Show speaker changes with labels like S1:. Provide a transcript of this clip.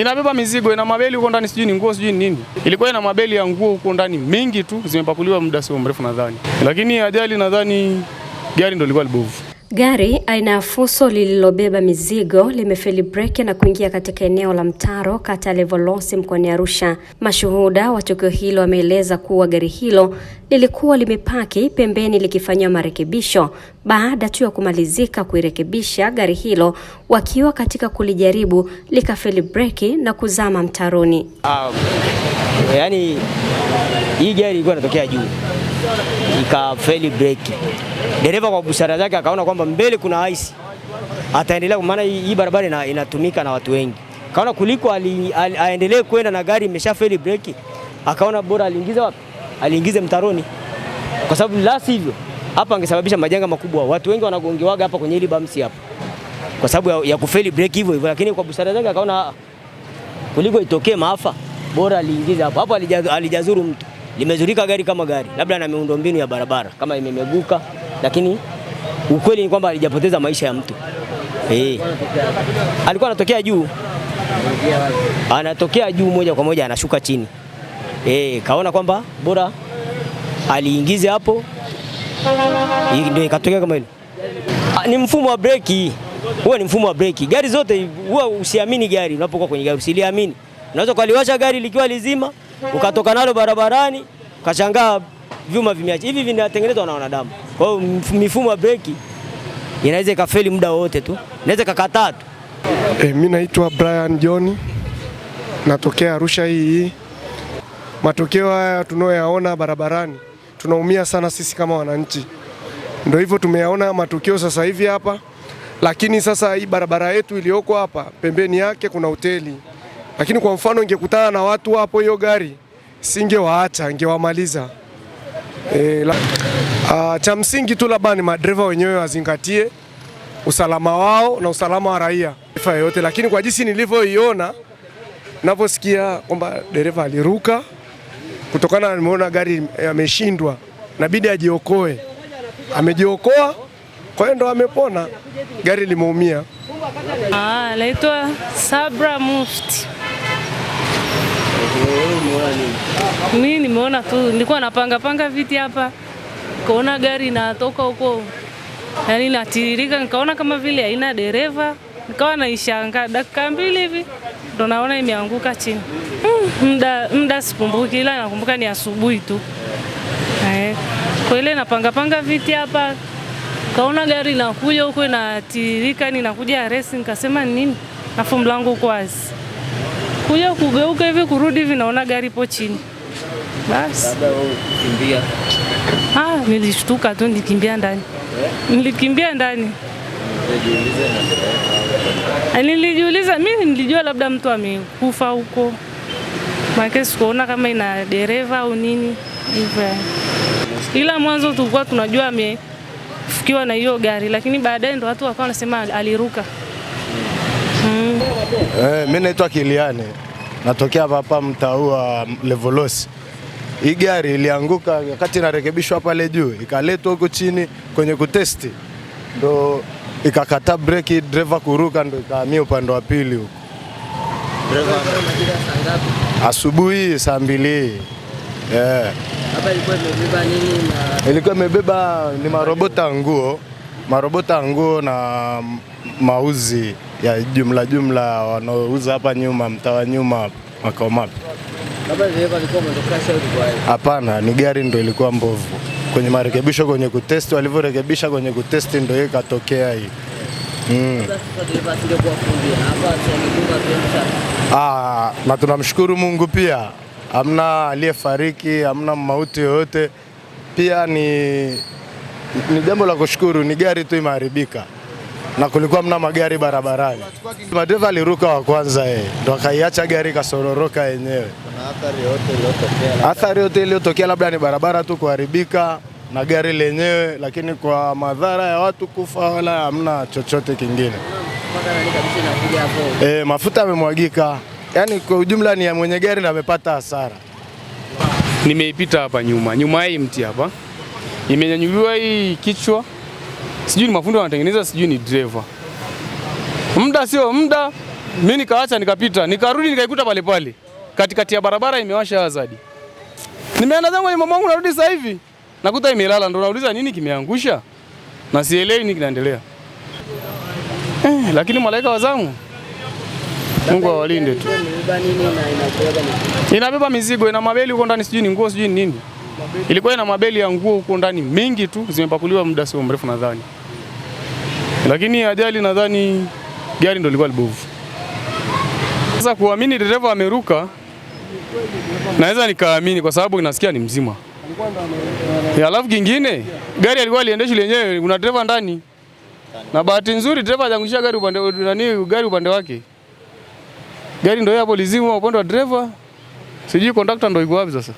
S1: inabeba mizigo, ina mabeli huko ndani, sijui ni nguo, sijui ni nini. Ilikuwa ina mabeli ya nguo huko ndani mingi tu, zimepakuliwa muda sio mrefu nadhani, lakini ajali nadhani gari ndo lilikuwa libovu.
S2: Gari aina ya fuso lililobeba mizigo limefeli breki na kuingia katika eneo la mtaro kata ya Levolosi mkoani Arusha. Mashuhuda wa tukio hilo wameeleza kuwa gari hilo lilikuwa limepaki pembeni likifanyiwa marekebisho. Baada tu ya kumalizika kuirekebisha gari hilo, wakiwa katika kulijaribu likafeli breki na kuzama mtaroni. Um,
S3: ah, yani hii gari ilikuwa inatokea juu ikafeli breki. Dereva kwa busara zake akaona kwamba mbele kuna ice ataendelea, maana hii barabara inatumika na watu wengi. Kaona kuliko aendelee kwenda na gari imeshafeli breki, akaona bora aliingiza wapi, aliingize mtaroni, kwa sababu la sivyo hapa angesababisha majanga makubwa. Watu wengi wanagongewaga hapa kwenye hili bamsi hapa kwa sababu ya, ya kufeli breki hivyo hivyo, lakini kwa busara zake akaona kuliko itokee maafa bora aliingiza hapo hapo, alijazuru mtu limezurika gari kama gari, labda na miundombinu ya barabara kama imemeguka, lakini ukweli ni kwamba alijapoteza maisha ya mtu eh. Alikuwa anatokea juu, anatokea juu moja kwa moja anashuka chini eh, kaona kwamba bora aliingize hapo, ndio ikatokea kama hilo. Ah, ni mfumo wa breki, huwa ni mfumo wa breki. Gari zote huwa usiamini gari, unapokuwa kwenye gari usiliamini, unaweza ukaliwasha gari likiwa lizima ukatoka nalo barabarani, kashangaa vyuma vimeacha. Hivi vinatengenezwa na wanadamu, kwa hiyo mifumo ya breki inaweza ikafeli muda wowote tu, inaweza kakataa tu.
S4: E, eh, mimi naitwa Brian John natokea Arusha hii. Matokeo haya tunayoyaona barabarani tunaumia sana sisi kama wananchi, ndio hivyo tumeyaona matokeo sasa hivi hapa, lakini sasa hii barabara yetu iliyoko hapa pembeni yake kuna hoteli lakini kwa mfano ngekutana na watu hapo hiyo gari singewaacha, ngewamaliza. E, la, a, cha msingi tu labda ni madereva wenyewe wazingatie usalama wao na usalama wa raia yote, lakini kwa jinsi nilivyoiona navyosikia kwamba dereva aliruka kutokana na nimeona gari ameshindwa, nabidi ajiokoe, amejiokoa, kwa hiyo ndo amepona, gari limeumia.
S5: Ah, naitwa Sabra Mufti nini? Mimi nimeona tu, nilikuwa napanga panga viti hapa, kaona gari natoka huko, yaani natiririka, nikaona kama vile haina dereva, nikawa naishangaa. Dakika mbili hivi ndo naona imeanguka chini. Hmm, muda muda sikumbuki, ila nakumbuka ni asubuhi tu eh, kwa ile napangapanga viti hapa, kaona gari inakuja huko inatiririka, ninakuja resi, nikasema nini, afu mlango uko wazi kuja kugeuka hivi kurudi hivi, naona gari ipo chini. Basi ah, nilishtuka tu nilikimbia ndani yeah. Nilikimbia ndani eh, nilijiuliza, mi nilijua labda mtu amekufa huko, maana sikuona kama ina dereva au nini hivyo, ila mwanzo tulikuwa tunajua amefukiwa na hiyo gari, lakini baadaye ndo watu wakawa wanasema aliruka.
S6: Eh, mimi naitwa Kiliani natokea hapa hapa mtaa wa Levolosi. Hii gari ilianguka wakati inarekebishwa pale juu, ikaletwa huko chini kwenye kutesti, ndo ikakata breki, driver kuruka, ndo ikahamia upande wa pili huko. Asubuhi saa mbili yeah. Ilikuwa imebeba ni marobota nguo marobota nguo na mauzi ya jumla jumla wanaouza hapa nyuma, mtawa nyuma, makao mapya. Hapana, ni gari ndo ilikuwa mbovu kwenye marekebisho, kwenye kutesti, walivyorekebisha kwenye kutesti ndo hiyo ikatokea hii. Mm. Ah, na tunamshukuru Mungu pia, hamna aliyefariki, hamna mauti yoyote, pia ni ni jambo la kushukuru, ni gari tu imeharibika na kulikuwa mna magari barabarani, madereva aliruka wa kwanza yeye eh. ndo akaiacha gari kasororoka yenyewe. Athari yote iliyotokea labda ni barabara tu kuharibika na gari lenyewe, lakini kwa madhara ya watu kufa wala hamna chochote kingine. E, mafuta yamemwagika, yaani kwa ujumla ni ya mwenye gari na amepata hasara.
S1: Nimeipita hapa nyuma nyuma hii mti hapa imenyanyuliwa hii kichwa, sijui ni mafundi wanatengeneza, sijui ni driver. Muda sio muda, mimi nikaacha nikapita, nikarudi nikaikuta pale pale katikati ya barabara imewasha hazard. Nimeenda zangu ni mamangu, narudi sasa hivi nakuta imelala, ndo nauliza nini kimeangusha, na sielewi nini kinaendelea eh, lakini malaika wazangu Mungu awalinde tu. Inabeba mizigo, ina mabeli huko ndani, sijui ni nguo, sijui ni nini. Ilikuwa ina mabeli ya nguo huko ndani mingi tu, zimepakuliwa muda sio mrefu nadhani, lakini ajali nadhani gari ndo lilikuwa libovu. Sasa kuamini dereva ameruka, naweza nikaamini kwa sababu inasikia ni mzima. Alafu kingine gari alikuwa liendeshi lenyewe, kuna dereva ndani, na bahati nzuri dereva ajangushia gari upande nani, gari upande wake, gari ndio hapo lizima upande wa dereva. Sijui kondakta ndio iko wapi sasa.